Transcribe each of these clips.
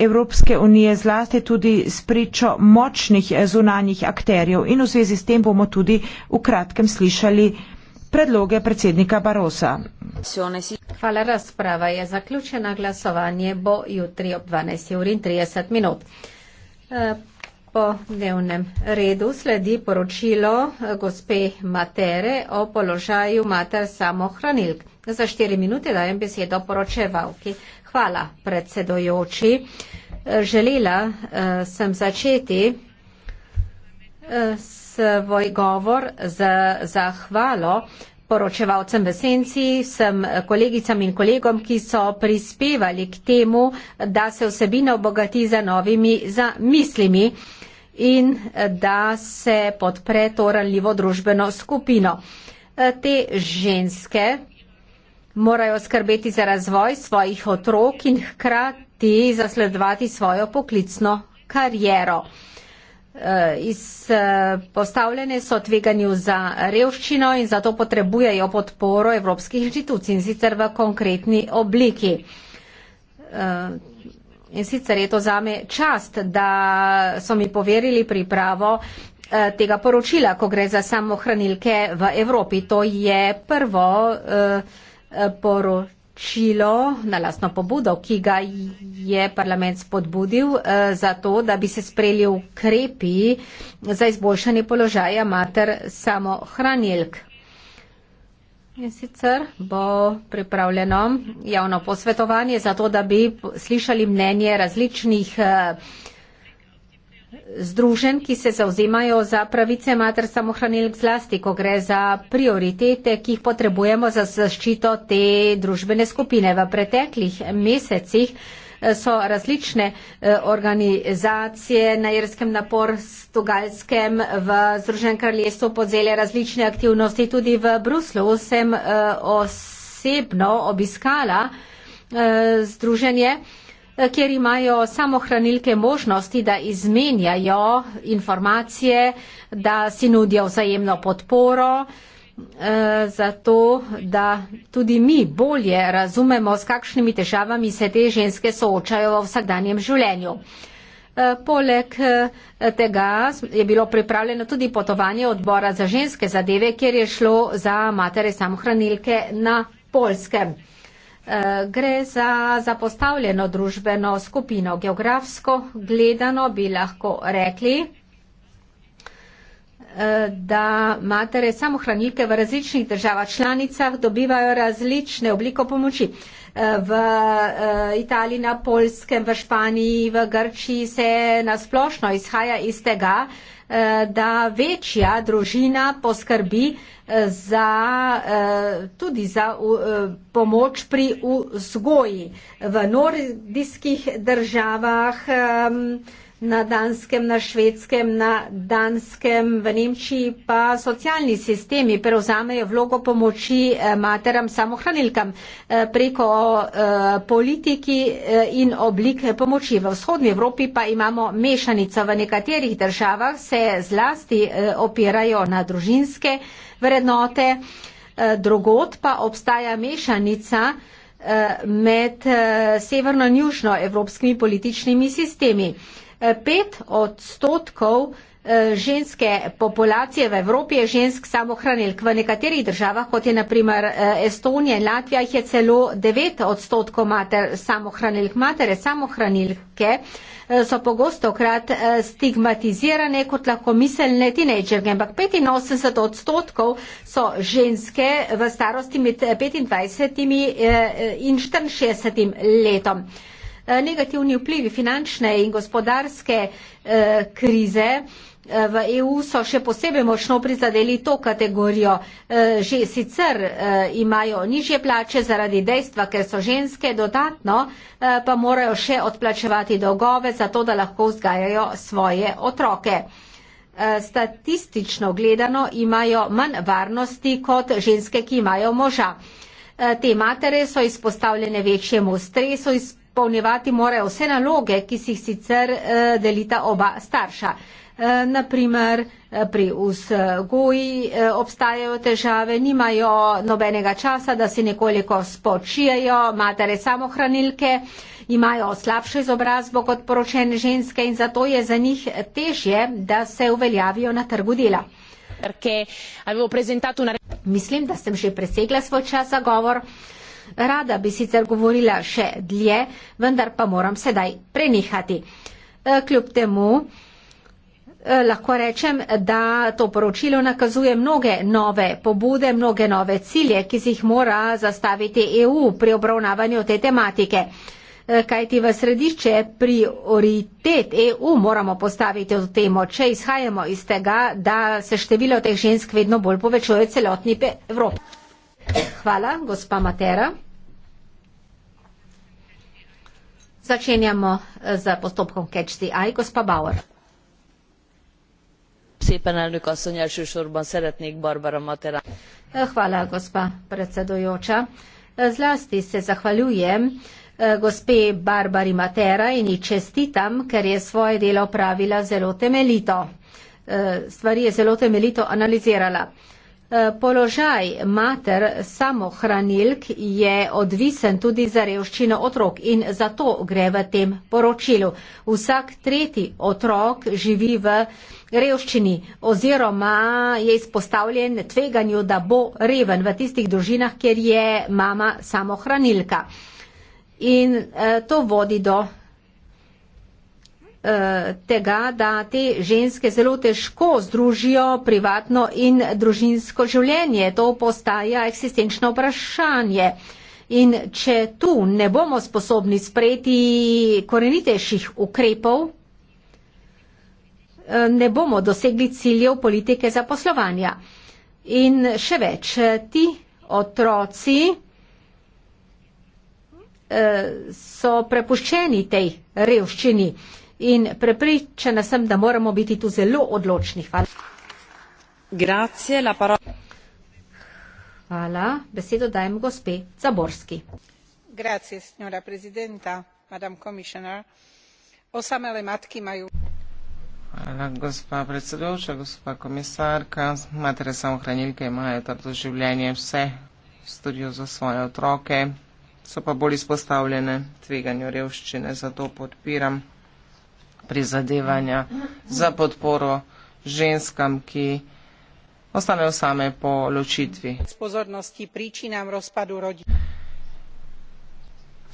Evropske unije zlasti tudi s pričo močnih eh, zunanjih akterjev in v zvezi s tem bomo tudi v kratkem slišali predloge predsednika Barosa. Hvala, razprava je zaključena, glasovanje bo jutri ob 12.30 minut. Eh, po dnevnem redu sledi poročilo eh, gospe Matere o položaju mater samohranilk. Za štiri minute dajem besedo poročevalki. Okay. Hvala, predsedojoči. Želela eh, sem začeti eh, svoj govor z zahvalo poročevalcem v senci, sem kolegicam in kolegom, ki so prispevali k temu, da se vsebina obogati za novimi zamislimi in eh, da se podpre to ranljivo družbeno skupino. Te ženske morajo skrbeti za razvoj svojih otrok in hkrati zasledovati svojo poklicno kariero. E, izpostavljene so tveganju za revščino in zato potrebujejo podporo evropskih inštitucij in sicer v konkretni obliki. E, in sicer je to zame čast, da so mi poverili pripravo e, tega poročila, ko gre za samohranilke v Evropi. To je prvo poročilo na lasno pobudo, ki ga je parlament spodbudil eh, za to, da bi se sprejeli ukrepi za izboljšanje položaja mater samohranilk. In sicer bo pripravljeno javno posvetovanje za to, da bi slišali mnenje različnih uh, združen, ki se zauzemajo za pravice mater samohranilk zlasti, ko gre za prioritete, ki jih potrebujemo za zaščito te družbene skupine. V preteklih mesecih eh, so različne eh, organizacije na Jerskem napor s Tugalskem v Združen kraljestvu podzele različne aktivnosti. Tudi v Bruslu sem eh, osebno obiskala združenje. Eh, kjer imajo samo hranilke možnosti, da izmenjajo informacije, da si nudijo vzajemno podporo, eh, zato da tudi mi bolje razumemo, s kakšnimi težavami se te ženske soočajo v vsakdanjem življenju. Eh, poleg tega je bilo pripravljeno tudi potovanje odbora za ženske zadeve, kjer je šlo za matere samohranilke na Polskem. Eh, gre za zapostavljeno družbeno skupino. Geografsko gledano bi lahko rekli, eh, da matere samohranilke v različnih državah članicah dobivajo različne obliko pomoči. Eh, v Italiji, na Polskem, v Španiji, v Grčiji se nasplošno izhaja iz tega, Eh, da večja družina poskrbi eh, za, eh, tudi za pomoč pri vzgoji v nordijskih državah na Danskem, na Švedskem, na Danskem, v Nemčiji pa socialni sistemi prevzamejo vlogo pomoči eh, materam samohranilkam eh, preko eh, politiki in oblike pomoči. V vzhodni Evropi pa imamo mešanico. V nekaterih državah se zlasti opirajo na družinske vrednote, drugot pa obstaja mešanica med severno in južno evropskimi političnimi sistemi pet odstotkov eh, ženske populacije v Evropi je žensk samohranilk. V nekaterih državah, kot je naprimer eh, Estonija in Latvija, jih je celo devet odstotkov mater samohranilk. Matere samohranilke eh, so pogosto krat stigmatizirane kot lahko miselne tinejdžerke, ampak 85 odstotkov so ženske v starosti med 25 in 64 letom. Eh, negativni vplivi finančne in gospodarske eh, krize eh, v EU so še posebej močno prizadeli to kategorijo. Že sicer imajo nižje plače zaradi dejstva, ker so ženske dodatno, pa morajo še odplačevati dolgove za to, da lahko vzgajajo svoje otroke. Statistično gledano imajo manj varnosti kot ženske, ki imajo moža. Te matere so izpostavljene večjemu stresu, izpolnjevati morajo vse naloge, ki si jih sicer delita oba starša. Naprimer, pri vzgoji obstajajo težave, nimajo nobenega časa, da si nekoliko spočijajo, matere samohranilke imajo slabšo izobrazbo kot poročene ženske in zato je za njih težje, da se uveljavijo na trgu dela. Mislim, da sem že presegla svoj čas za govor. Rada bi sicer govorila še dlje, vendar pa moram sedaj prenehati. E, kljub temu e, lahko rečem, da to poročilo nakazuje mnoge nove pobude, mnoge nove cilje, ki si jih mora zastaviti EU pri obravnavanju te tematike. E, kajti v središče prioritet EU moramo postaviti v temo, če izhajamo iz tega, da se število teh žensk vedno bolj povečuje celotni Evropi. Hvala, gospa Matera. Začenjamo z eh, postopkom Catch the Eye, gospa Bauer. Szépen elnök asszony, elsősorban szeretnék Barbara Materán. Eh, hvala, gospa predsedujoča. Eh, zlasti se zahvaljujem gospe Barbari Matera in ji čestitam, ker je svoje delo pravila zelo temeljito. Stvari je zelo temeljito analizirala. Eh, položaj mater samohranilk je odvisen tudi za revščino otrok in zato gre v tem poročilu. Vsak tretji otrok živi v revščini oziroma je izpostavljen tveganju, da bo reven v tistih družinah, kjer je mama samohranilka. In eh, to vodi do Eh, tega, da te ženske zelo težko združijo privatno in družinsko življenje. To postaja eksistenčno vprašanje. In če tu ne bomo sposobni sprejeti korenitejših ukrepov, eh, ne bomo dosegli ciljev politike zaposlovanja. In še več, eh, ti otroci so prepuščeni tej revščini in prepričana sem, da moramo biti tu zelo odločni. Hvala. Grazie, Hvala. Besedo dajem gospe Zaborski. Grazie, signora prezidenta, madam komisionar. Osamele matki imajo. Hvala, gospa predsedujoča, gospa komisarka. Matere samohranilke imajo trdo življenje, vse storijo za svoje otroke, so pa bolj izpostavljene tveganju revščine, zato podpiram prizadevanja za podporo ženskam, ki ostanejo same po ločitvi.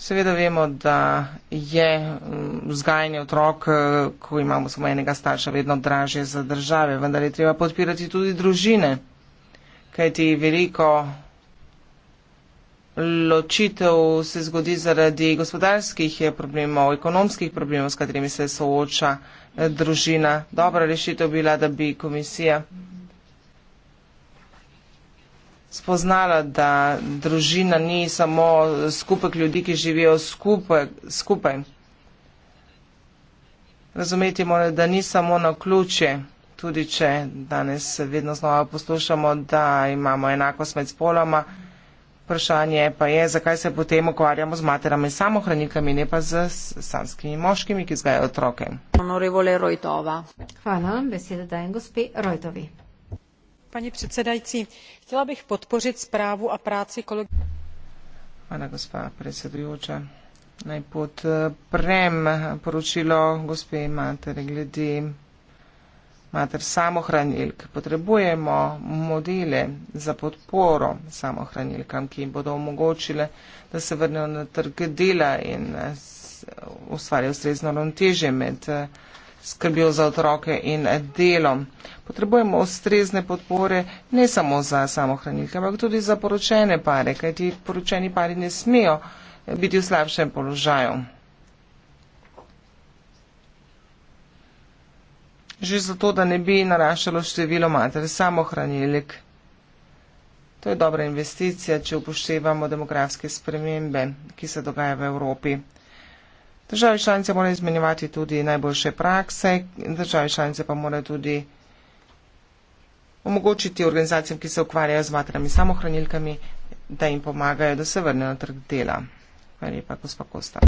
Seveda vemo, da je mm, vzgajanje otrok, eh, ko imamo samo enega starša, vedno dražje za države, vendar je treba podpirati tudi družine, kajti veliko ločitev se zgodi zaradi gospodarskih eh, problemov, ekonomskih problemov, s katerimi se sooča eh, družina. Dobra rešitev bila, da bi komisija spoznala, da družina ni samo skupek ljudi, ki živijo skupaj. skupaj. Razumeti mora, da ni samo na ključe, tudi če danes vedno znova poslušamo, da imamo enakost med spoloma. Mm -hmm. Vprašanje pa je, zakaj se potem ukvarjamo z materami samohranilkami, ne pa z sanskimi moškimi, ki zgajajo otroke. Hvala, besedo dajem gospe Rojtovi. Pani predsedajci, htela bih podporiti spravu a praci kolegi. Hvala, gospa predsedujoča. Naj podprem poročilo gospe matere glede mater samohranilk. Potrebujemo modele za podporo samohranilkam, ki jim bodo omogočile, da se vrnejo na trg dela in eh, ustvarjajo ustrezno ravnotežje med eh, skrbijo za otroke in eh, delom. Potrebujemo ustrezne podpore ne samo za samohranilke, ampak tudi za poročene pare, kajti poročeni pari ne smejo biti v slabšem položaju. že zato, da ne bi naraščalo število mater samohranilik. To je dobra investicija, če upoštevamo demografske spremembe, ki se dogajajo v Evropi. Države članice morajo izmenjevati tudi najboljše prakse, države članice pa morajo tudi omogočiti organizacijam, ki se ukvarjajo z materami samohranilkami, da jim pomagajo, da se vrnejo na trg dela. Hvala lepa, gospod Kosta.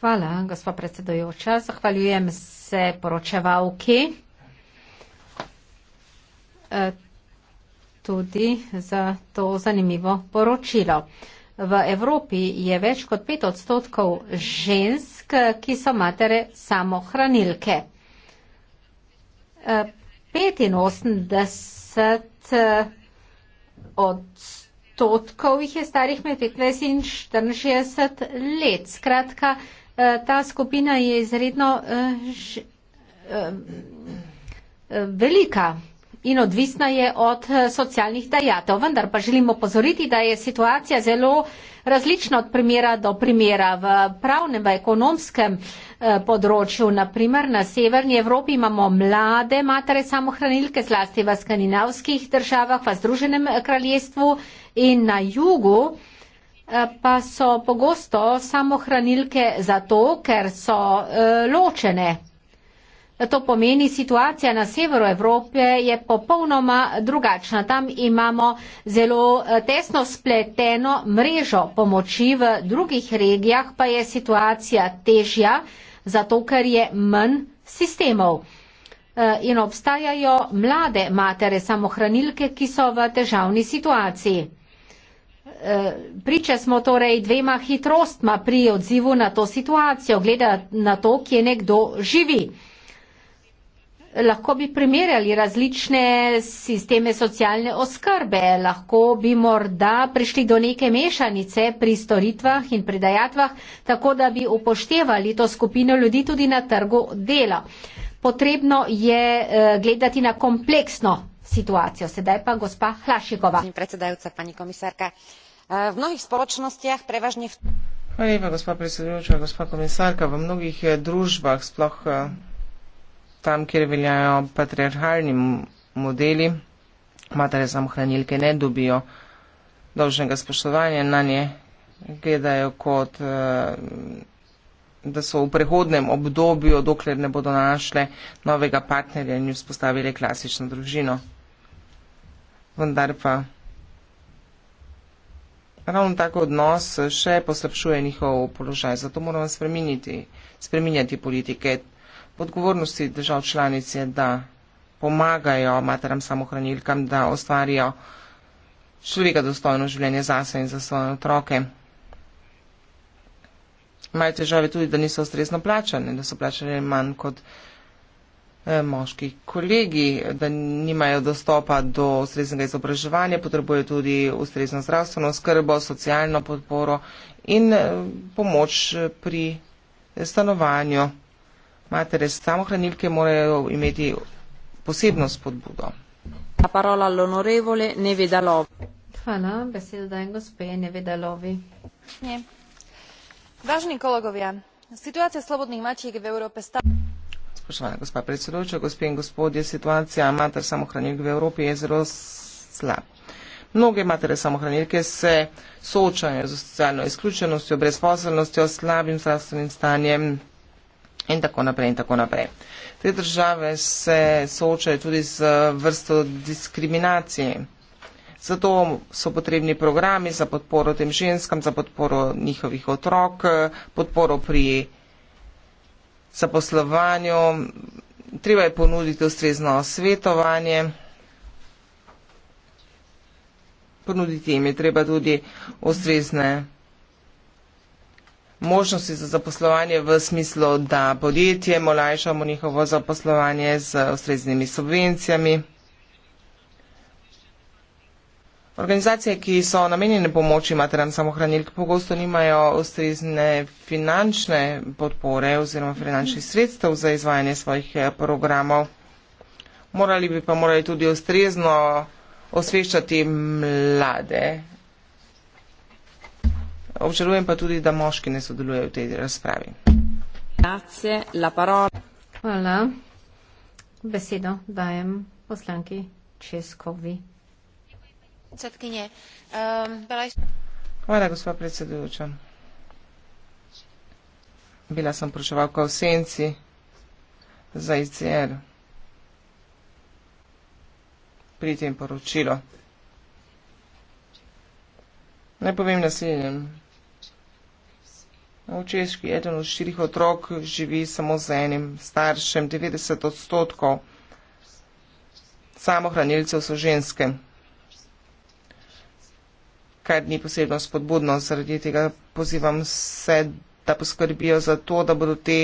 Hvala, gospa predsedojoča. Zahvaljujem se poročevalki e, tudi za to zanimivo poročilo. V Evropi je več kot pet odstotkov žensk, ki so matere samohranilke. 85 e, e, odstotkov odstotkov jih je starih med 15 in 64 let. Skratka, eh, ta skupina je izredno eh, eh, velika in odvisna je od eh, socialnih dajatev. Vendar pa želimo pozoriti, da je situacija zelo različna od primera do primera. V pravnem, v ekonomskem eh, področju, naprimer na severni Evropi imamo mlade matere samohranilke, zlasti v skandinavskih državah, v Združenem eh, kraljestvu in na jugu pa so pogosto samohranilke zato, ker so ločene To pomeni, situacija na severu Evrope je popolnoma drugačna. Tam imamo zelo eh, tesno spleteno mrežo pomoči, v drugih regijah pa je situacija težja, zato ker je manj sistemov. Eh, in obstajajo mlade matere samohranilke, ki so v težavni situaciji. Eh, Priča smo torej dvema hitrostma pri odzivu na to situacijo, gleda na to, kje nekdo živi lahko bi primerjali različne sisteme socialne oskrbe, lahko bi morda prišli do neke mešanice pri storitvah in predajatvah, tako da bi upoštevali to skupino ljudi tudi na trgu dela. Potrebno je eh, gledati na kompleksno situacijo. Sedaj pa gospa Hlašikova. Eh, Hvala lepa, gospa predsedujoča, gospa komisarka. V mnogih eh, družbah sploh tam, kjer veljajo patriarhalni modeli, matere samohranilke ne dobijo dolžnega spoštovanja na nje, gledajo kot, eh, da so v prehodnem obdobju, dokler ne bodo našle novega partnerja in vzpostavile klasično družino. Vendar pa ravno tak odnos še poslabšuje njihov položaj, zato moramo spremeniti, spremenjati politike odgovornosti držav članice, da pomagajo materam samohranilkam, da ustvarijo človeka dostojno življenje zase in za svoje otroke. Imajo težave tudi, da niso ustrezno plačane, da so plačane manj kot eh, moški kolegi, da nimajo dostopa do ustreznega izobraževanja, potrebujejo tudi ustrezno zdravstveno skrbo, socialno podporo in eh, pomoč pri stanovanju matere samohranilke morajo imeti posebno spodbudo. Hvala, besedo dajem gospe Nevedalovi. Nje. Važni kolegovja, situacija slobodnih mačjih v Evropi sta... Spoštovana gospa predsedujoča, gospe in gospodje, situacija mater samohranilk v Evropi je zelo slaba. Mnoge matere samohranilke se soočajo z socialno izključenostjo, brezposobnostjo, slabim zdravstvenim stanjem, in tako naprej in tako naprej. Te države se soočajo tudi z vrsto diskriminacije. Zato so potrebni programi za podporo tem ženskam, za podporo njihovih otrok, podporo pri zaposlovanju. Treba je ponuditi ustrezno svetovanje. Ponuditi jim je treba tudi ustrezne. Mm -hmm možnosti za zaposlovanje v smislu, da podjetjem olajšamo njihovo zaposlovanje z ustreznimi subvencijami. Organizacije, ki so namenjene pomoči materam samohranilk, pogosto nimajo ustrezne finančne podpore oziroma finančnih sredstev za izvajanje svojih eh, programov. Morali bi pa morali tudi ustrezno osveščati mlade Obžalujem pa tudi, da moški ne sodelujejo v tej razpravi. Hvala. Besedo dajem poslanki Českovi. Eh, Hvala, gospod predsedujoča. Bila sem proševalka v senci za ICR pri tem poročilu. Naj povem naslednje. V Češki eden od štirih otrok živi samo z enim staršem, 90 odstotkov samohranilcev so ženske, kar ni posebno spodbudno. Zaradi tega pozivam vse, da poskrbijo za to, da bodo te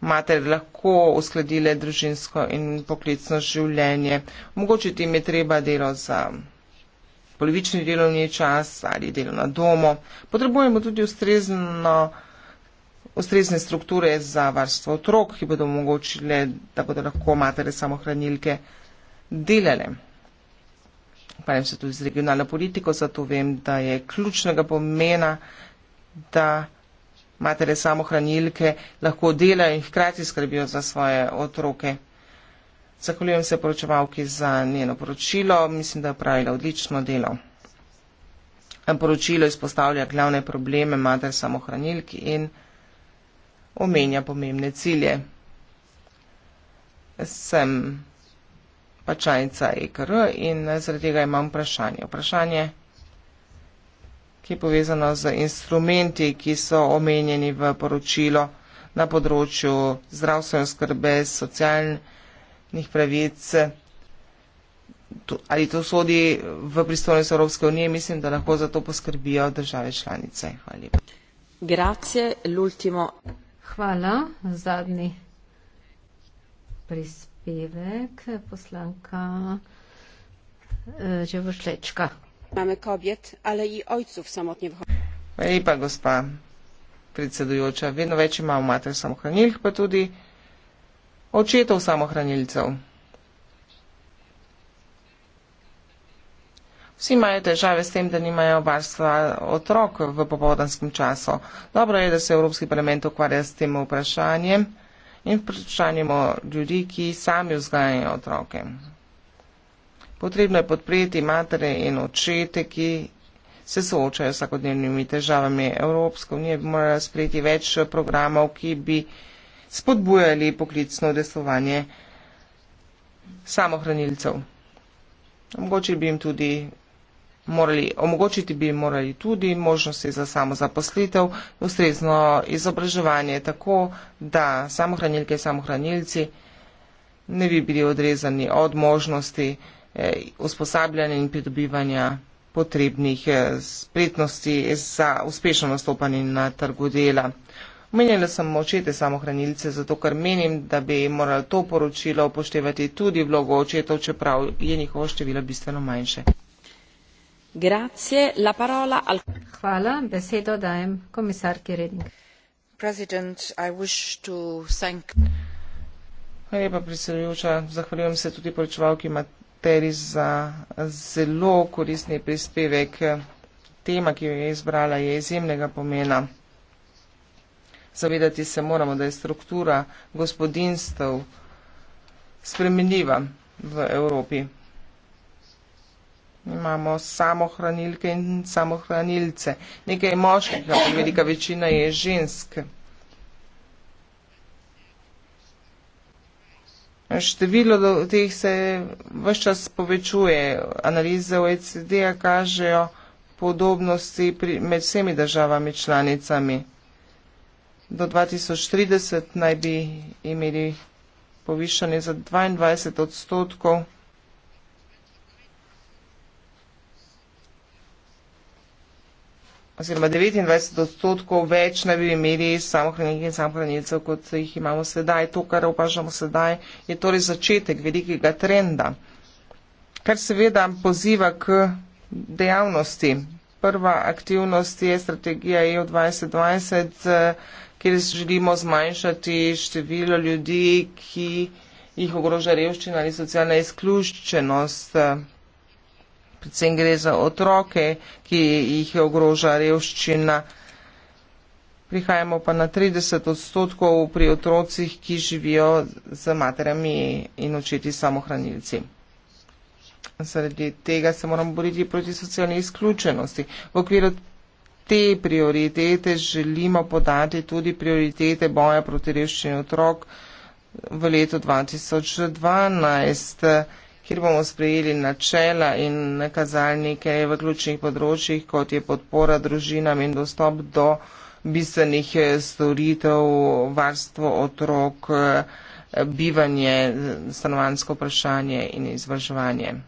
matere lahko uskladile družinsko in poklicno življenje. Mogoče jim je treba delo za polovični delovni čas ali delo na domu. Potrebujemo tudi ustrezno, ustrezne strukture za varstvo otrok, ki bodo omogočile, da bodo lahko matere samohranilke delale. Ukvarjam se tudi z regionalno politiko, zato vem, da je ključnega pomena, da matere samohranilke lahko delajo in hkrati skrbijo za svoje otroke. Zahvaljujem se poročevalki za njeno poročilo. Mislim, da je pravila odlično delo. Poročilo izpostavlja glavne probleme mater samohranilk in omenja pomembne cilje. Sem pačanica EKR in zaradi tega imam vprašanje. Vprašanje, ki je povezano z instrumenti, ki so omenjeni v poročilo na področju zdravstvene skrbe, socialne skrbe, človekovih pravic. To, ali to sodi v pristojnost Evropske unije, mislim, da lahko za to poskrbijo države članice. Hvala lepa. Grazie, l'ultimo. Hvala, zadnji prispevek poslanka e, eh, Ževošlečka. Imamo kobjet, ali i ojcov samotnje v hodu. Hvala lepa, gospa predsedujoča. Vedno več imamo mater samohranilk, pa tudi očetov samohranilcev. Vsi imajo težave s tem, da nimajo varstva otrok v popovdanskem času. Dobro je, da se Evropski parlament ukvarja s tem vprašanjem in vprašanjem o ljudi, ki sami vzgajajo otroke. Potrebno je podpreti matere in očete, ki se soočajo s vsakodnevnimi težavami. Evropska unija bi morala sprejeti več programov, ki bi spodbujali poklicno udeslovanje samohranilcev. Omogočili bi jim tudi morali, omogočiti bi jim morali tudi možnosti za samozaposlitev, ustrezno izobraževanje, tako da samohranilke in samohranilci ne bi bili odrezani od možnosti eh, usposabljanja in pridobivanja potrebnih eh, spretnosti za uspešno nastopanje na trgu dela. Omenjala sem očete samohranilce, zato ker menim, da bi moralo to poročilo upoštevati tudi vlogo očetov, čeprav je njihovo število bistveno manjše. Grazie, la parola al... Hvala, besedo dajem komisarki Reding. Hvala lepa, predsedujoča. Zahvaljujem se tudi poročevalki Materi za zelo koristni prispevek. Tema, ki jo je izbrala, je izjemnega pomena zavedati se moramo, da je struktura gospodinstv spremenljiva v Evropi. Imamo samohranilke in samohranilce. Nekaj je moških, a velika večina je žensk. Število teh se vse čas povečuje. Analize OECD-a kažejo podobnosti pri, med vsemi državami članicami do 2030 naj bi imeli povišanje za 22 odstotkov. oziroma 29 odstotkov več naj bi imeli samohranilnikov in samohranilcev, kot jih imamo sedaj. To, kar opažamo sedaj, je torej začetek velikega trenda, kar seveda poziva k dejavnosti, Prva aktivnost je strategija EU 2020, kjer želimo zmanjšati število ljudi, ki jih ogroža revščina ali socialna izključenost. Predvsem gre za otroke, ki jih ogroža revščina. Prihajamo pa na 30 odstotkov pri otrocih, ki živijo z materami in očeti samohranilci. Zaradi tega se moramo boriti proti socialni izključenosti. V okviru te prioritete želimo podati tudi prioritete boja proti reščini otrok v letu 2012, kjer bomo sprejeli načela in nakazalnike v ključnih področjih, kot je podpora družinam in dostop do bistvenih storitev, varstvo otrok, bivanje, stanovansko vprašanje in izvrševanje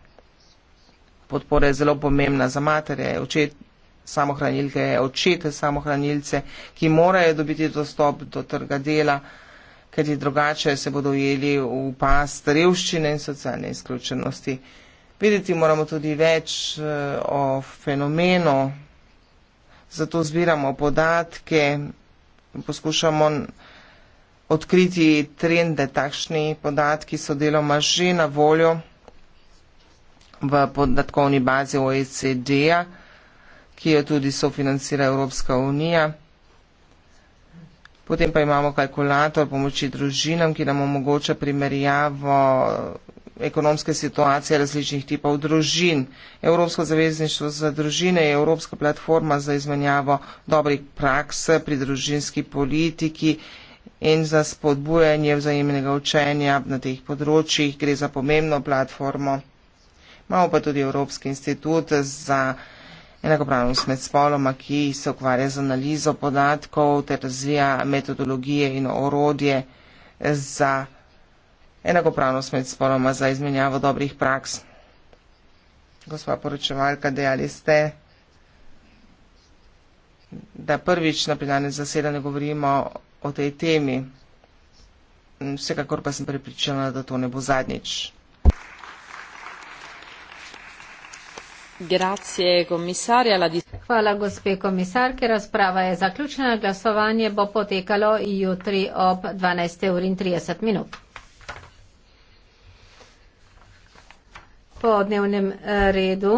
podpora je zelo pomembna za matere, očet, samohranilke, očete samohranilce, ki morajo dobiti dostop do trga dela, ker je drugače se bodo ujeli v pas revščine in socialne izključenosti. Videti moramo tudi več eh, o fenomenu, zato zbiramo podatke, poskušamo odkriti trende, takšni podatki so deloma že na voljo v podatkovni bazi OECD-ja, ki jo tudi sofinancira Evropska unija. Potem pa imamo kalkulator pomoči družinam, ki nam omogoča primerjavo ekonomske situacije različnih tipov družin. Evropsko zavezništvo za družine je Evropska platforma za izmenjavo dobrih praks pri družinski politiki in za spodbujanje vzajemnega učenja na teh področjih. Gre za pomembno platformo. Imamo pa tudi Evropski institut za enakopravnost med spoloma, ki se ukvarja z analizo podatkov ter razvija metodologije in orodje za enakopravnost med spoloma za izmenjavo dobrih praks. Gospa poročevalka, dejali ste, da prvič na plenarni zasedanju govorimo o tej temi. Vsekakor pa sem pripričana, da to ne bo zadnjič. Grazie, Hvala, gospe komisarke. Razprava je zaključena. Glasovanje bo potekalo jutri ob 12.30 minut. Po dnevnem eh, redu.